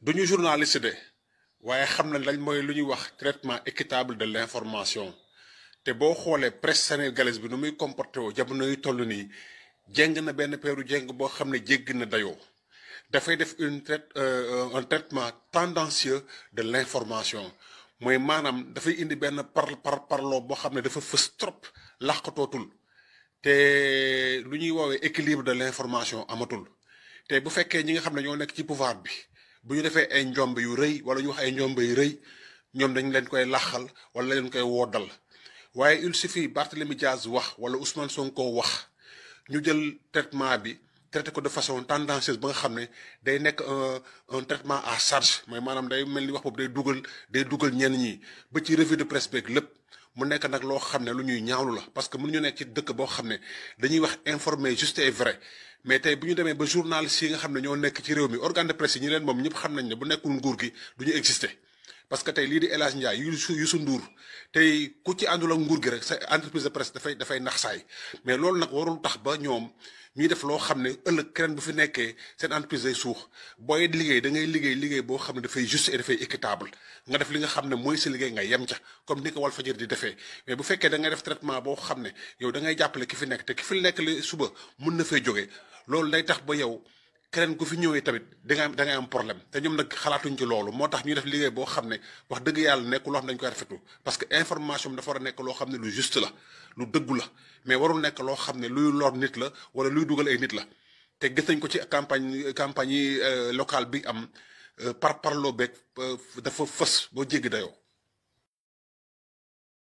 du ñu journaliste de waaye xam nañ wax traitement équitable de l'information te boo xoolee presse sénégalaise bi nu comporté woo jamono yu toll nii jéng na benn peeru jéng boo xam ne jégg def une traite euh, un traitement tendancieux de l'information mooy maanaam dafay indi ben par par parloo boo xam ne dafa fës trop làqatootul té luñuy wowe équilibre de l'information amatul té bu féké ñi nga xamné ñoo nek ci pouvoir bi bu ñu defee ay njombe yu rëy wala ñu wax ay njombe yu rëy ñoom dañ leen koy laxal wala leen koy woddal waaye il suffit Barthélemy Diaz wax wala Ousmane Sonko wax ñu jël traitement bi traité ko de façon tendancieuse ba nga xam ne day nekk un traitement à charge mooy maanaam day mel ni wax boobu day dugal day dugal ñenn ñi ba ci revue de presse beeg lépp mu nekk nag loo xam ne lu ñuy ñaawlu la parce que ñu nekk ci dëkk boo xam ne dañuy wax informé juste vrai mais tey bu ñu demee ba journaliste yi nga xam ne ñoo nekk ci réew mi organe de presse yi ñu leen moom ñëpp xam nañ ne bu nekkul nguur gi du ñu exister parce que tey lii di El Hadj Ndiaye su Youssou Ndour tey ku ci àndul ak nguur gi rek entreprise de presse dafay dafay nax saay mais loolu nag warul tax ba ñoom ñuy def loo xam ne ëllëg keneen bu fi nekkee seen entreprise day suux booy liggéey da ngay liggéey liggéey boo xam ne dafay juste et dafay équitable nga def li nga xam ne mooy sa liggéey yem ca comme ni ko Walfadjri di defee mais bu fekkee da ngay def traitement boo xam ne yow da jàppale ki fi nekk te ki fi nekk li suba mun na fay jógee loolu day tax ba yow keneen ku fi ñëwee tamit da nga am da ngay am problème te ñoom nag xalaatuñ ci loolu moo tax ñuy def liggéey boo xam ne wax dëgg yàlla nekkuloo loo xam ne dañu koy rafetlu parce nekk loo xam ne lu juste la lu dëggu la mais warul nekk loo xam ne luy lor nit la wala luy dugal ay nit la te gis nañ ko ci campagne campagne yi euh, locale bi am euh, par loo beeg euh, dafa fës boo jéggi dayoo.